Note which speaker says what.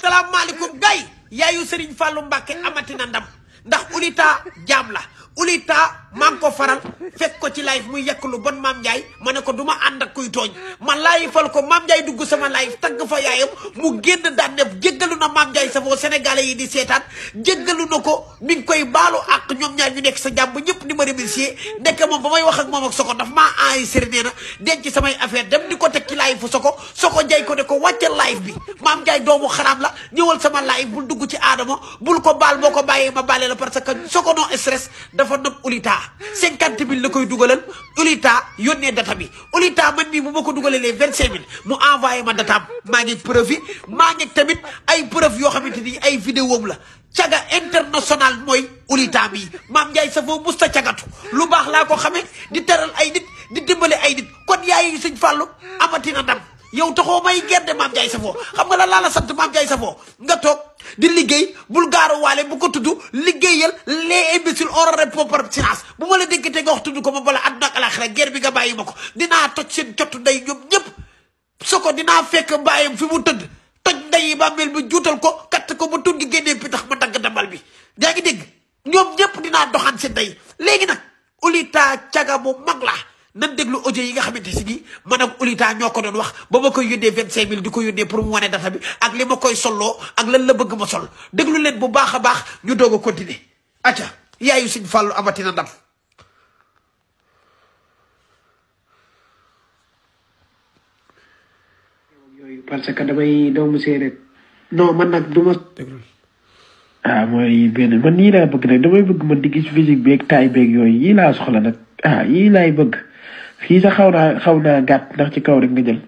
Speaker 1: salaamaaleykum gay yaayu Serigne Fallou Mbacke amati na ndam ndax ulita jaam la ulita maa ko faral fekk ko ci live muy yekk lu bon maam Ndiaye ma ne ko du ma ànd ak kuy tooñ ma laayifal ko mam Ndiaye dugg sama live tagg fa yaayam mu génn daan def jéggalu na maam Ndiaye Ndiaye Savon sénégalais yi di seetaan jéggalu na ko mi ngi koy baalu ak ñoom ñaar ñu dem di ko teg ci ko ko wàccal live bi maam Ndiaye doomu xaraam la ñëwal sama live bul dugg ci aadama bul ko baal moo ko bàyyee ma baale la parce que Soko non stress dafa nopp Oulita cinquante mille la koy dugalal Oulita yónnee data bi Oulita man mii bu ma ko dugalee les vingt mille mu envoyé ma dataam maa ngi preuve maa ngi tamit ay preuve yoo xamante ni ay vidéo la caga international mooy ulitaam yi maam Ndiaye Savon musta cagatu lu baax laa ko xamee di teral ay nit di dimbale ay nit kon yaayi sëñ Fàllu amatina ndam yow taxoo may gerte maam Ndiaye Savon xam nga la laal la sant maam Ndiaye Savon nga toog di liggéey bul gaaru waale bu ko tudd liggéeyal les imbéciles on répond par silence bu ma la déggtee nga wax tudd ko ma bala àdduna ak àllaaxira guerre bi nga bàyyi ma ko dinaa toj seen jotu ndey ñoom ñëpp so ko dinaa fekk mbaayam fi mu tëdd ndeyi bàmmeel bi juutal ko kat ko ba tur gi génnee bi tax ma dagg damal bi yaa ngi dégg ñoom ñëpp dinaa doxaan si ndey léegi nag ulita caga mu mag la nan déglu audio yi nga xamante si nii man ak ulita ñoo ko doon wax ba ma koy yónnee vingt cinq mille di ko yónnee pour mu wane data bi ak li ma koy solloo ak lan la bëgg ma sol déglu leen bu baax a baax ñu doog a continuer acca yaayu suñ fàllu amatina ndam
Speaker 2: parce que damay doomu séeréer non man nag du ma. ah mooy benn man yii laa bëgg nag damay bëgg man di gis physique beeg taay beeg yooyu yii laa soxla nag ah yii laay bëgg fii sax xaw naa xaw naa gàtt ndax ci kaw rek nga jël.